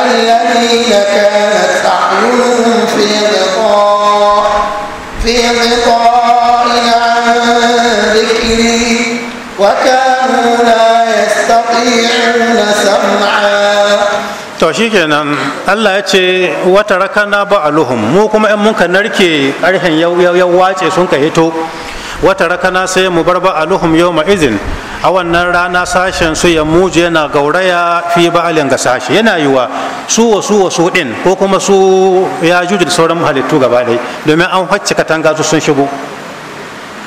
S2: الذين كانت أعينهم في غطاء في غطاء عن ذكري وكانوا
S1: لا يستطيعون سمعا to shikenan Allah ya ce wata rakana ba aluhum mu kuma in ka narke karhen yau wace sun ka hito wata rakana sai mu bar ba aluhum ma izin a wannan rana sashen su ya muje yana gauraya fi ba alin ga sashi yana yiwa su wa su wa su din ko kuma su ya juji da sauran halittu gaba ɗaya domin an hacce katanga su sun shigo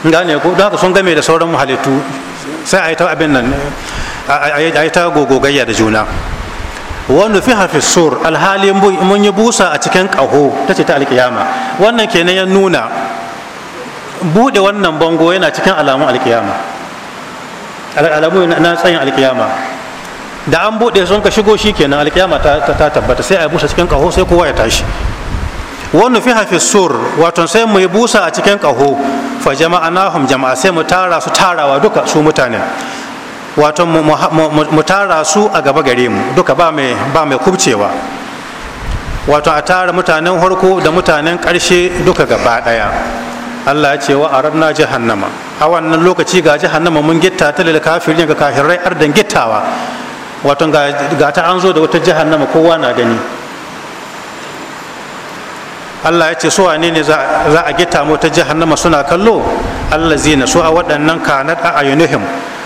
S1: gane ko don haka sun game da sauran halittu sai a yi ta gogogayya da juna wanda fi hafi sur alhali mun yi busa a cikin ƙaho ta ce ta alkiyama wannan kenan ya nuna buɗe wannan bango yana cikin alamun alkiyama alamu na tsayin alkiyama da an buɗe sun ka shigo shi kenan alkiyama ta tabbata sai a yi busa cikin ƙaho sai kowa ya tashi wannan fi hafi sur wato sai mu yi busa a cikin ƙaho fa jama'a nahum jama'a sai mu tara su tarawa duka su mutanen wato mu tara su a gaba gare mu duka ba mai ba mai kubcewa wato a tara mutanen harko da mutanen karshe duka gaba daya Allah ya ce wa aradna jahannama a wannan lokaci ga jahannama mun gitta ta lil kafirin ga kafirai ardan gittawa wato ga ta an zo da wata jahannama kowa na gani Allah ya ce su wane ne za a gita mu ta jahannama suna kallo Allah zina su a waɗannan kanat a ayunuhim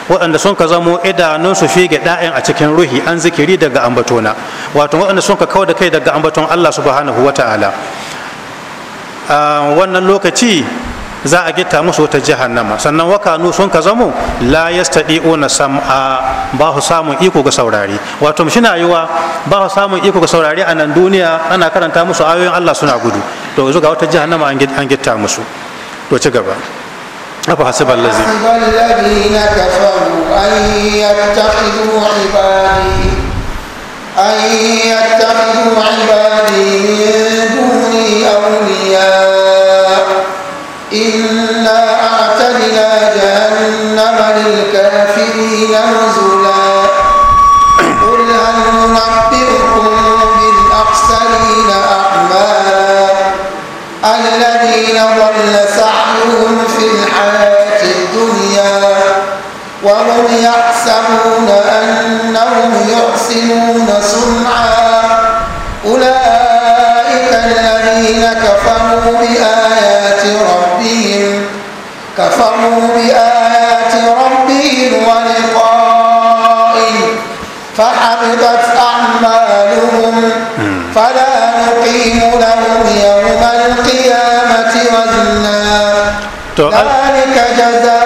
S1: waɗanda sun ka zamo idanunsu ga ɗa'in a cikin ruhi an zikiri daga ambatona wato waɗanda sun ka kawo da kai daga ambaton allah subhanahu wa ta'ala a wannan lokaci za a gita musu wata jahannama sannan wakanu sun ka zamo la yastadi'una sam'a ba su samun iko ga saurari wato shina yiwa ba su samun iko ga saurari a nan duniya ana karanta musu ayoyin Allah suna gudu to yanzu ga wata jahannama an gita musu to ci gaba أفحسب الذين
S2: حسب الذين كفروا أن يتخذوا عبادي أن يتخذوا عبادي من دوني أولياء إنا أعتدنا جهنم للكافرين نزلا يحسبون أنهم يحسنون صنعا أولئك الذين كفروا بآيات ربهم كفروا بآيات ربهم ولقائه فحبطت أعمالهم فلا نقيم لهم يوم القيامة وزنا آه. ذلك جزاء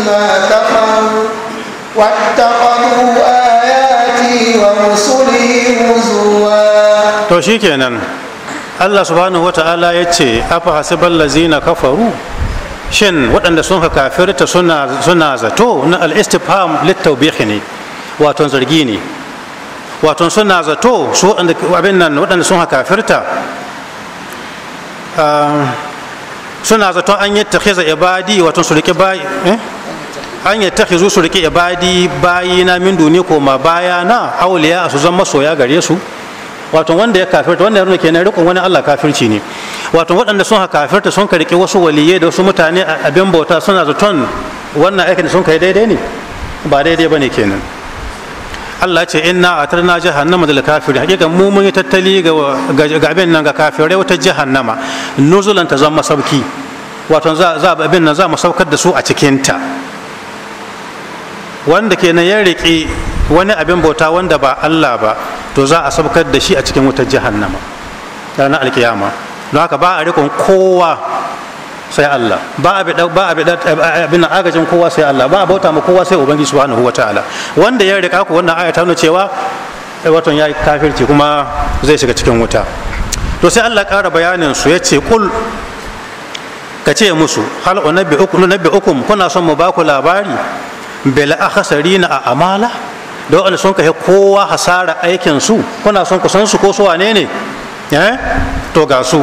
S2: بما كفروا واتخذوا آياتي ورسلي هزوا
S1: Allah subhanahu ya ce afa kafaru shin waɗanda sun ka kafirta suna zato na ne zargi ne suna zato su waɗanda sun ka kafirta ah, suna zato an yi ta ibadi su riƙe bayi eh an ya tafi su rike ibadi na min duni ma baya auliya a su zan masoya gare su wato wanda ya kafirta wanda ya nuna kenan rikon wani Allah kafirci ne wato waɗanda sun ha kafirta sun ka rike wasu waliye da wasu mutane a abin bauta suna zaton wannan aikin da sun kai daidai ne ba daidai bane kenan Allah ce inna atarna jahannama dal kafiri hakika mu mun yi tattali ga ga abin nan ga kafirai wata jahannama nuzulan ta zama sauki wato za za abin nan za mu saukar da su a cikin ta wanda kenan ya riƙe wani abin bauta wanda ba Allah ba to za a sabkar da shi a cikin wutar jahannama ranar alkiyama don haka ba a rikon kowa sai Allah ba a abin agajin kowa sai Allah ba a bauta ma kowa sai ubangiji subhanahu wataala wanda ya riƙa ku wannan aya ta nuna cewa eh, watan ya kafirci kuma zai shiga cikin wuta to sai Allah ƙara bayanin su ya ce kul ka ce musu hal unabbi ukum kuna son mu ba ku labari bela a na a amala da wa'anda sun kai kowa hasara aikin su kuna son ku su ko suwa ne ne eh? to ga su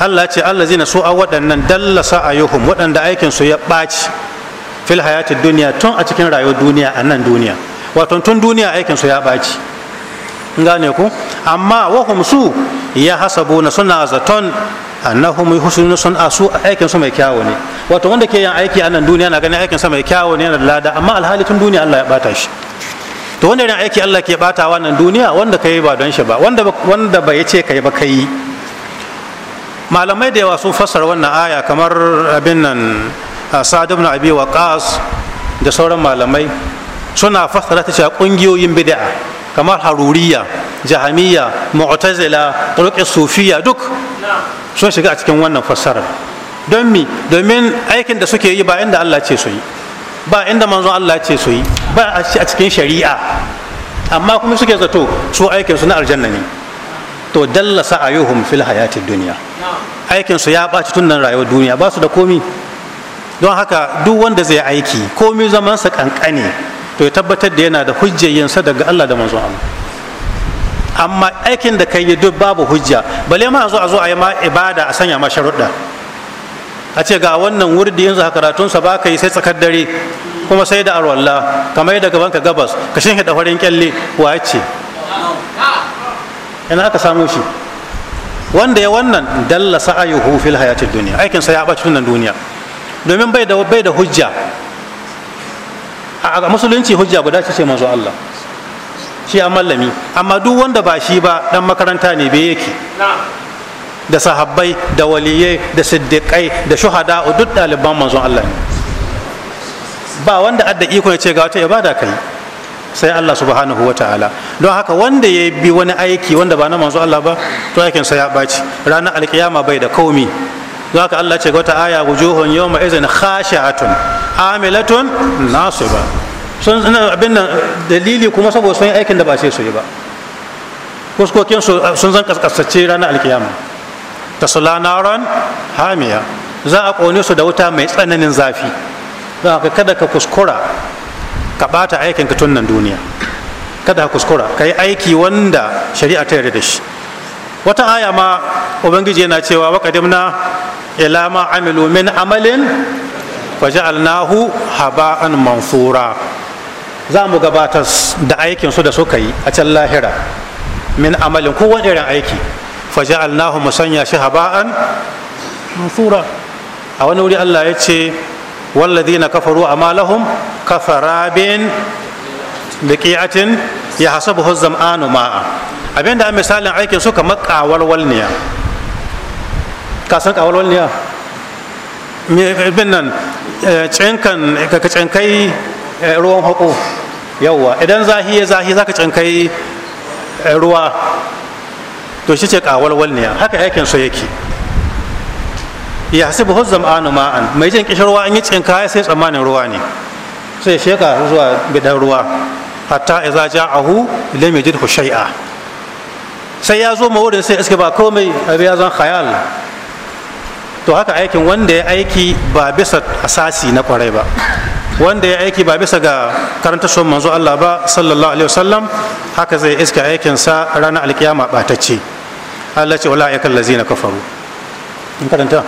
S1: Allah ce Allah zina su a waɗannan dallasa ayuhum waɗanda aikin su ya ɓaci fil duniya tun a cikin rayuwar duniya a nan duniya wato tun duniya aikin su ya ɓaci gane ku amma hum su ya hasabuna suna zaton annahum yuhsinuna sun su aikin su mai kyawu ne wato wanda ke yin aiki a nan duniya na ganin aikin sa mai kyawu ne yana da lada amma alhali tun duniya Allah ya bata shi to wanda irin aiki Allah ke bata nan duniya wanda kai ba don shi ba wanda wanda bai ce kai ba kai malamai da yawa sun fassara wannan aya kamar abin nan sa'ad ibn abi waqas da sauran malamai suna fassara ta cewa kungiyoyin bid'a kamar haruriya jahamiya mu'tazila ruqi sufiya duk sun shiga a cikin wannan fassarar don mi domin aikin da suke yi ba inda Allah ce su yi ba inda manzon Allah ce su yi ba a cikin shari'a amma kuma suke zato su aikin su na aljanna ne to dalla sa'ayuhum fil hayati dunya aikin su ya baci tun nan rayuwar duniya ba su da komi don haka duk wanda zai aiki komi zaman sa kankane to ya tabbatar da yana da hujjar yin daga Allah da manzon Allah amma aikin da kai duk babu hujja bale ma a zo a zo a yi ma ibada a sanya ma sharuɗa a ce ga wannan wurdi yanzu haka sa ba ka yi sai tsakar dare kuma sai da arwalla kamar yadda gaban ka gabas ka shin da farin kyalle wa ce ina aka samu shi wanda ya wannan dalla sa'ayuhu fil hayatid dunya aikin sa ya bace tunan duniya domin bai da bai da hujja a musulunci hujja guda ce ce manzo Allah shi a mallami amma duk wanda ba shi ba dan makaranta ne bai yake da sahabbai da waliyai da siddiƙai da shuhada duk ɗaliban manzon Allah ne ba wanda adda iko ya ce ga wata ibada kai sai Allah subhanahu wa ta'ala don haka wanda ya bi wani aiki wanda ba na manzo Allah ba to aikinsa ya baci ranar alkiyama bai da komi za ka Allah ce wata aya wujuhun ma izin khashi'atun amilatun ba sun abin nan dalili kuma saboda sun yi aikin da ba sai su yi ba fuskokin sun zan kaskasace ranar alkiyama ta sulanaron hamiya za a ƙone su da wuta mai tsananin zafi don haka kada ka kuskura ka ɓata aikin ka tun duniya kada ka kuskura ka yi aiki wanda shari'a ta yarda da shi wata aya ma ubangiji yana cewa wa kadimna ila ma amilu min amalin faja'alnahu haba'an mansura za mu gabatar da aikin su da suka yi a can lahira min amalin kowane irin aiki faja'alnahu musanya shi haba'an mansura a wani wuri Allah ya ce walladina kafaru amalahum kafarabin biqi'atin ya hasabuhu zam'anu ma'a abinda misalin aikin su kamar kawalwalniya ka san kawalwalniya bin nan cinkan eh, ka cinkai eh, ruwan hako yawwa idan zahi ya zahi zaka cinkai eh, ruwa to shi ce kawalwalniya haka aikin su yake ya hasibu zam'anu ma'an mai jin kishirwa an yi cinka sai tsammanin ruwa ne sai sheka zuwa bidan ruwa hatta idza ja'ahu lam yajidhu shay'a sai ya zo mawurin sai iska ba komai abi ya zan khayal to haka aikin wanda ya aiki ba bisa asasi na kwarai ba wanda ya aiki ba bisa ga karanta son manzo Allah ba sallallahu alaihi wasallam haka zai iska aikin sa ranar alkiyama batacce Allah ce wala yakal lazina kafaru in karanta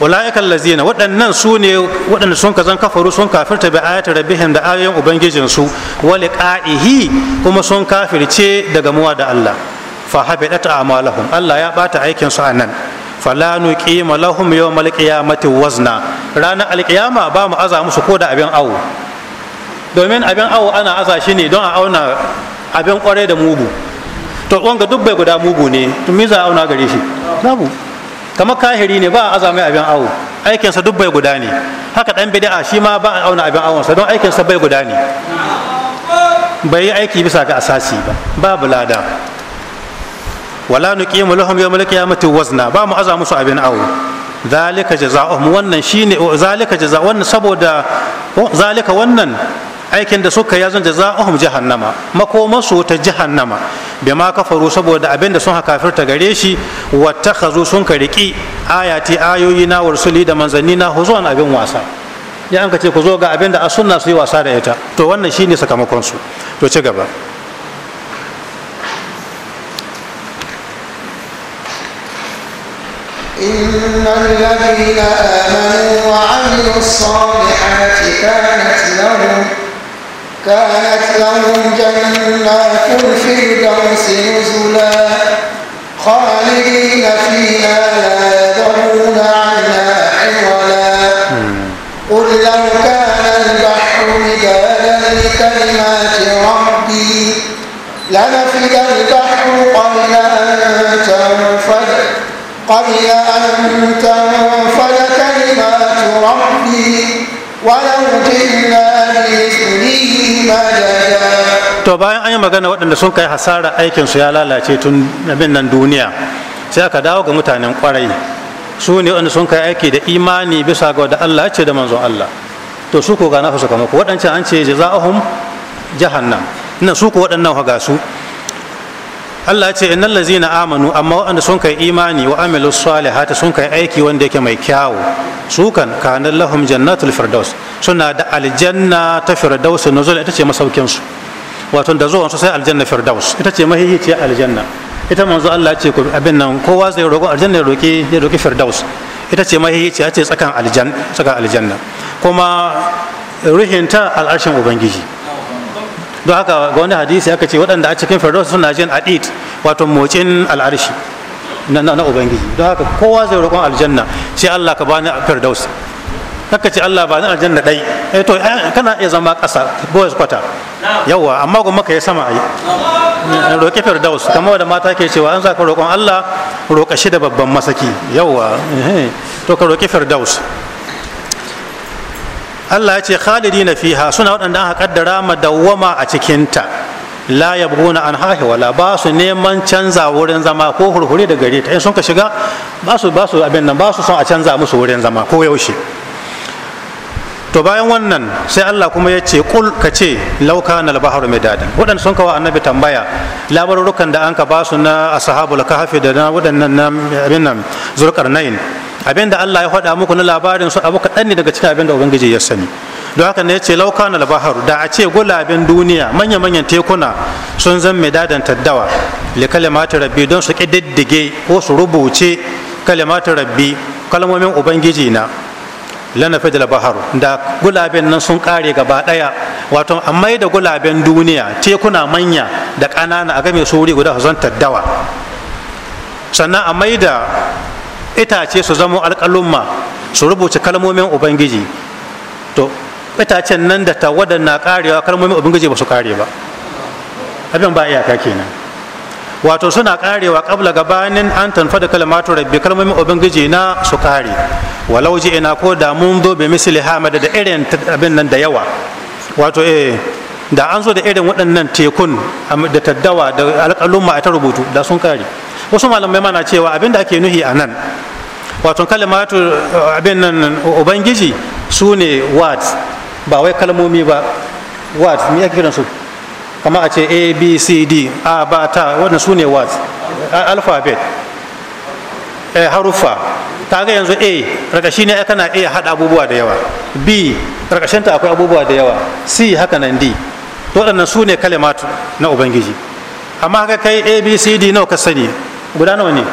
S1: ulaikal lazina waɗannan su ne waɗanda sun kazan kafaru sun kafirta bi ayati rabbihim da ayoyin ubangijin su wa kuma sun kafirce daga muwa da Allah fa habidat a'malahum Allah ya bata aikin su anan fala nuqima lahum yawmal qiyamati wazna ranar alqiyama ba mu aza musu ko da abin awo domin abin awo ana aza shi ne don a auna abin kwarai da mugu to wanga duk bai guda mugu ne to me za a auna gare shi babu kamar kahiri ne ba a aza mai abin awo aikinsa duk bai guda ne haka dan bid'a shi ma ba a auna abin awonsa don aikinsa bai guda ne bai yi aiki bisa ga asasi ba babu lada wala nuqimu lahum yawmal qiyamati wazna ba mu aza musu abin awo zalika jazaohum wannan shine zalika jaza wannan saboda zalika wannan aikin da suka ya zan jaza'uhum jahannama makomasu ta jahannama ma kafaru saboda abin da sun kafirta gare shi wattakhazu sun ka riki ayati ayoyi na warsuli da manzanni na huzuwan abin wasa ya an ce ku zo ga abin da a sunna su yi wasa da ita to wannan shine sakamakon su to ci gaba
S2: إن الذين آمنوا وعملوا الصالحات كانت لهم كانت لهم جنات الفردوس نزلا خالدين فيها لا يذرون عنها حولا قل لو كان البحر مدادا لكلمات ربي لنفد البحر قبل أن تنفد قبل أن تنفد كلمات ربي ولو جئنا
S1: to bayan an yi magana waɗanda sun kai hasara aikinsu ya lalace tun abin nan duniya sai aka dawo ga mutanen kwarai su ne wanda sun kai aiki da imani bisa ga wanda Allah ce da manzon Allah to su ko ga nafa sakamako waɗancan an ce jaza'ahum jahannam nan su ko waɗannan ga Allah ce innal ladzina amanu amma waɗanda sun kai imani wa amilu salihati sun kai aiki wanda yake mai kyawu su kan kana lahum jannatul firdaus suna da aljanna ta firdaus nuzul ita ce masaukin su wato da zuwan su sai aljanna firdaus ita ce mahihiciyar aljanna ita manzo Allah ce ku abin nan kowa zai roƙo aljanna ya roki ya roki firdaus ita ce mahihiciya ce tsakan aljanna tsakan aljanna kuma ruhinta al'arshin ubangiji don haka ga wani hadisi aka ce waɗanda a cikin firdaus suna jin adid wato motsin al'arshi na ubangiji don haka kowa zai roƙon aljanna sai allah ka bani firdaus haka ce allah bani aljanna ɗai eh to eh, kana iya zama ƙasa boys kwata yawa amma kuma ka yi sama a yi roƙi firdaus kamar da mata ke cewa an za ka roƙon allah roƙa shi da babban masaki yawa eh, to ka roƙi firdaus Allah ya ce khalidina fiha suna waɗanda aka kaddara madawwama a cikinta la yabghuna an hahi wala ba su neman canza wurin zama ko hurhure da gare ta in sun ka shiga ba su abin nan ba su son a canza musu wurin zama ko yaushe to bayan wannan sai Allah kuma ya ce kul ka ce lauka na bahru midadan Wadanda sun kawo annabi tambaya labarurukan da an ka ba su na ashabul kahfi da na wadannan abin nan zurqarnain abin da Allah ya faɗa muku na labarin su abu kaɗan ne daga cikin abin da ubangiji ya sani don haka ne ya ce lauka na labaharu da a ce gulaben duniya manya-manyan tekuna sun zan mai dadan taddawa le kalimatin rabbi don su ƙididdige ko su rubuce kalimatin rabbi kalmomin ubangiji na lana da labaharu da gulaben nan sun kare gaba ɗaya wato amma da gulaben duniya tekuna manya da ƙanana a game su wuri guda su zan taddawa sannan a maida itace su zama alƙalumma su rubuta kalmomin ubangiji to itacen nan da ta na karewa kalmomin ubangiji ba su kare ba abin ba iyaka kenan wato suna karewa kabla gabanin an tanfa da kalmatu rabbi kalmomin ubangiji na su kare walau ji ina ko da mun zo bi misli hamada da irin abin nan da yawa wato eh da an zo da irin waɗannan tekun da taddawa da alƙalumma a ta rubutu da sun kare wasu malamai mana cewa abin da ake nuhi a nan wato kalimatu abin nan ubangiji su ne words ba wai kalmomi ba words me ake kiransu kama a ce a b c d a ba ta wannan su ne words alphabet haruffa ta ga yanzu a karkashi ne kana a hada abubuwa da yawa b karkashinta akwai abubuwa da yawa c haka nan d waɗannan su ne kalimatu na ubangiji amma haka kai abcd nawa ka sani guda nawa ne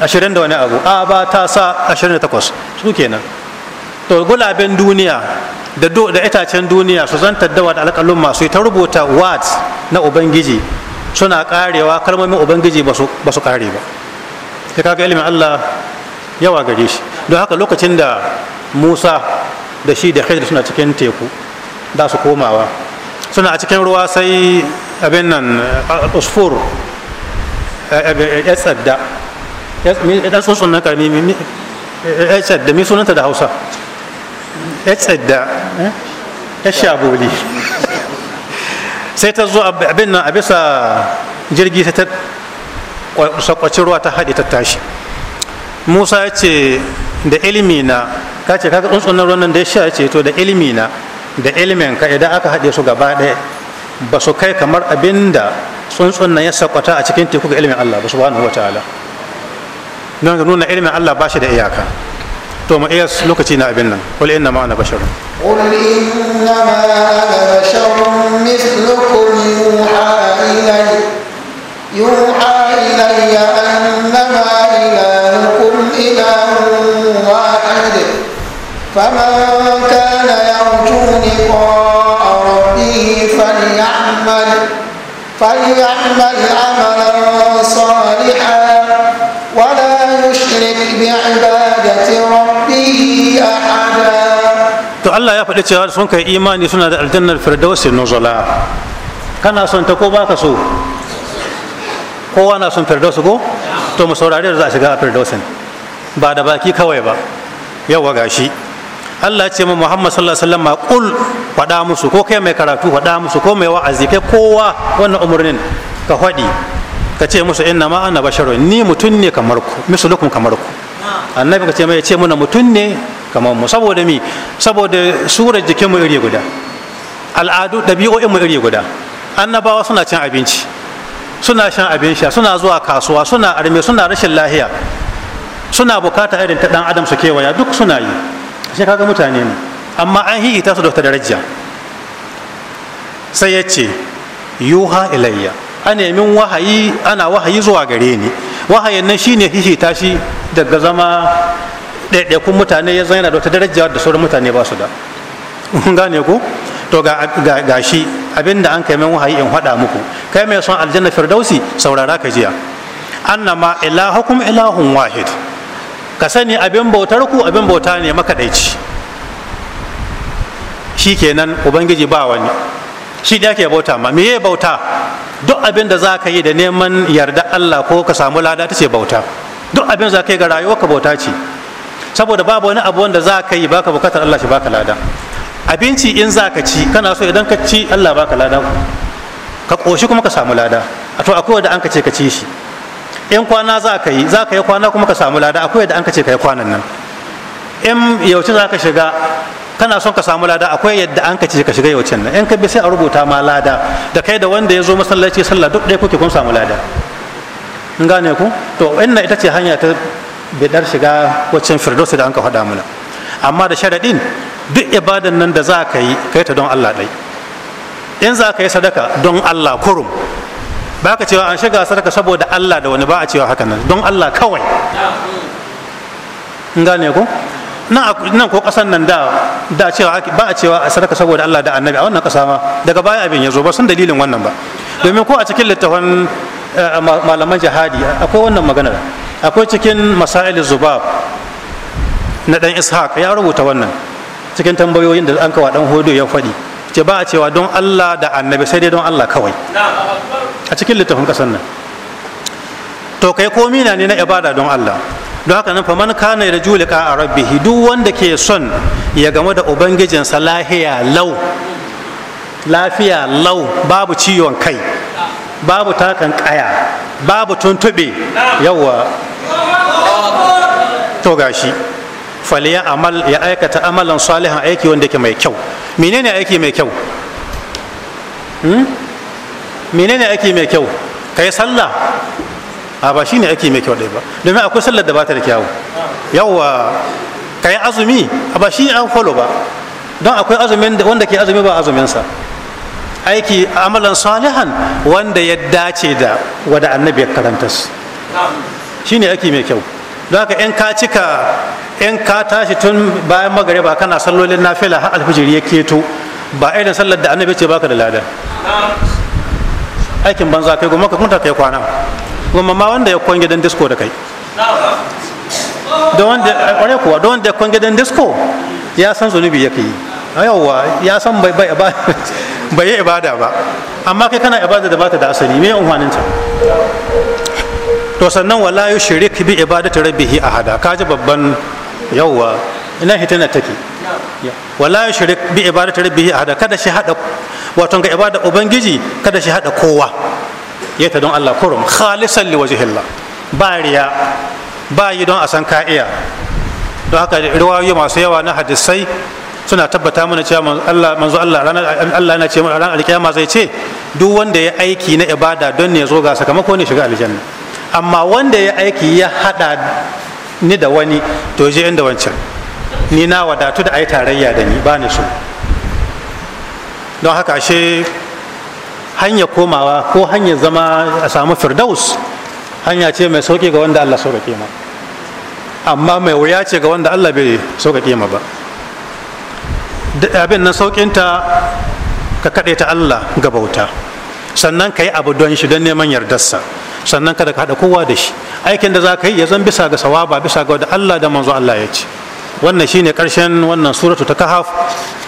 S1: ashirin da wani abu a ba ta sa ashirin da takwas su kenan to gulaben duniya da da itacen duniya su zan dawa da alƙalin masu ta rubuta wat na ubangiji suna karewa kalmomin ubangiji ba su kare ba sai kaga ilimin allah yawa gare shi don haka lokacin da musa da shi da khidr suna cikin teku da su komawa suna a cikin ruwa sai abin nan usfur ya tsadda ya mi sunanta da hausa ya eh, ya eh, eh, shaboli sai ta zo abin nan a bisa jirgi ta sakwacin ruwa ta haɗe ta tashi musa ya ce da ilimi na ka ce kaga tsuntsunan ruwan da ya sha ce to da ilimi na da ilimin ka idan aka haɗe su gaba ɗaya ba su kai kamar abin da tsuntsun nan ya sakwata a cikin teku ga ilimin Allah ba su ba subhanahu wataala don ga nuna ilimin Allah ba shi da iyaka to mu iya lokaci na abin nan qul inna ma ana basharun qul inna ma ana basharun mithlukum
S2: yuha ilayya yuha ilayya annama ilahukum ilahun wahid faman kana yarju liqa'a ربه فليعمل فليعمل عملا صالحا ولا يشرك بعبادة ربه أحدا
S1: to Allah ya faɗi cewa sun kai imani suna da aljannar firdausi nuzula kana son ta ko baka so kowa na son firdausi ko to mu saurari da za a shiga a firdausin ba da baki kawai ba yawa gashi Allah ce mu Muhammad sallallahu alaihi wasallam kul faɗa musu ko kai mai karatu faɗa musu ko mai wa'azi kai kowa wannan umurnin ka faɗi ka ce musu inna ma ana basharu ni mutun ne kamar ku mislukum kamar ku annabi ka ce mai ce muna mutun ne kamar mu saboda mi saboda surar jikin mu iri guda al'adu ɗabi'o'in mu iri guda annabawa suna cin abinci suna shan abin sha suna zuwa kasuwa suna arme suna rashin lahiya suna bukata irin ta dan adam su kewaya duk suna yi shi kaga mutane ne amma an hihita su da wata daraja sai ya ce yuha ilayya ana yamin wahayi ana wahayi zuwa gare ni wahayin nan shine hihita shi daga zama ɗaiɗaikun mutane ya zana da daraja da sauran mutane ba su da gane ku to ga shi abinda an kai min wahayi in faɗa muku kai mai son aljanna firdausi saurara ka jiya annama ilahukum ilahun wahid ka sani abin bautar ku abin bauta ne makaɗaici shi kenan ubangiji ba wani shi da ke bauta ma me bauta duk abin da za yi da neman yarda allah ko ka samu lada ta ce bauta duk abin za ka yi ga rayuwa ka bauta ce saboda babu wani abu wanda za ka yi baka bukatar allah shi baka lada abinci in za ci kana so idan ka ci allah baka lada ka ƙoshi kuma ka samu lada a to akwai wanda an ka ce ka ci shi in kwana za ka yi za ka yi kwana kuma ka samu lada akwai yadda an ka ce ka yi kwanan nan in yaushe za ka shiga kana son ka samu lada akwai yadda an ka ce ka shiga yaucin nan in ka bi sai a rubuta ma lada da kai da wanda ya zo masallaci sallah duk ɗaya kuke kun samu lada in gane ku to inna ita ce hanya ta bidar shiga waccan firdausi da an ka faɗa mana amma da sharaɗin duk ibadan nan da za ka yi ka yi ta don allah ɗai in za ka yi sadaka don allah kurum ba ka cewa an shiga sarka saboda Allah da wani ba a cewa haka nan don Allah kawai in gane ku nan ko kasan nan da da cewa ba a cewa a sarka saboda Allah da annabi a wannan kasa ma daga baya abin ya zo ba sun dalilin wannan ba domin ko a cikin littafan eh, malaman jihadi akwai wannan maganar akwai cikin masail zubab na dan ishaq ya rubuta wannan cikin tambayoyin da an kawa dan hodo ya faɗi ce ba a cewa don Allah da annabi sai dai don Allah kawai a cikin littafin kasan nan to kai komi na ne na ibada don Allah don haka nan faman kana da julika a rabbihi duk wanda ke son ya gamu da ubangijinsa lahiya lau lafiya lau babu ciwon kai babu takan kaya babu tuntuɓe yawa to gashi faliya amal ya aikata amalan salihan aiki wanda yake mai kyau menene aiki mai kyau menene aiki mai kyau ka yi sallah a ba shine aiki mai kyau ɗaya ba domin akwai sallar da ba ta da kyawu yawwa ka yi azumi a ba shi an folo ba don akwai azumin wanda ke azumi ba azuminsa aiki amalan salihan wanda ya dace da wada annabi ya karanta shi ne aiki mai kyau don haka in ka cika in ka tashi tun bayan ba kana sallolin nafila har alfijiri ya keto ba irin sallar da annabi ce baka da lada aikin banza kai goma ka kunta kai kwana goma ma wanda ya kwan gidan disco da kai don wanda kware kuwa don wanda ya kwan gidan disco ya san zunubi ya kai yawwa ya san bai bai bai yi ibada ba amma kai kana ibada da bata da asali me amfanin ta to sannan wala yushrik bi ibadati rabbihi ahada kaji babban yawwa ina hitana take wala yushrik bi ibadati rabbihi ahada kada shi hada wato ga ibada ubangiji kada shi hada kowa ya ta don Allah kurum khalisan li wajhillah ba riya ba yi don a san ka iya don haka riwayoyi masu yawa na hadisai suna tabbata mana cewa Allah manzo Allah ranar Allah yana ce ranar alkiyama zai ce duk wanda ya aiki na ibada don ne zo ga sakamako ne shiga aljanna amma wanda ya aiki ya haɗa ni da wani to je inda wancan ni na wadatu da ai tarayya da ni ba ni so don haka ashe hanya komawa ko hanyar zama a samu firdaus hanya ce mai sauƙi ga wanda allah sauƙaƙe ma amma mai wuya ce ga wanda allah bai sauƙaƙe ma ba abin nan sauƙinta ka ta allah ga bauta sannan ka yi abu don shi don neman yardarsa sannan kada ka haɗa kowa da shi aikin da za ka yi ya zan bisa ga sawaba bisa ga Allah da manzo Allah ya ce wannan shine karshen wannan suratu ta kahaf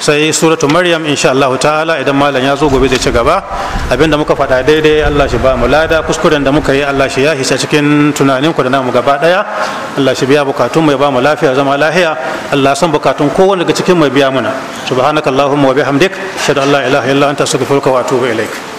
S1: sai suratu maryam insha Allah ta'ala idan malam ya zo gobe zai ci gaba abinda muka faɗa daidai Allah shi ba mu lada kuskuren da muka yi Allah shi ya hisa cikin tunanin ku da namu gaba daya Allah shi biya bukatun mu ya ba mu lafiya zama lahiya Allah san bukatun kowanne daga cikin mu biya muna subhanakallahumma wa bihamdik shada Allah ilaha illa anta astaghfiruka wa atubu ilaik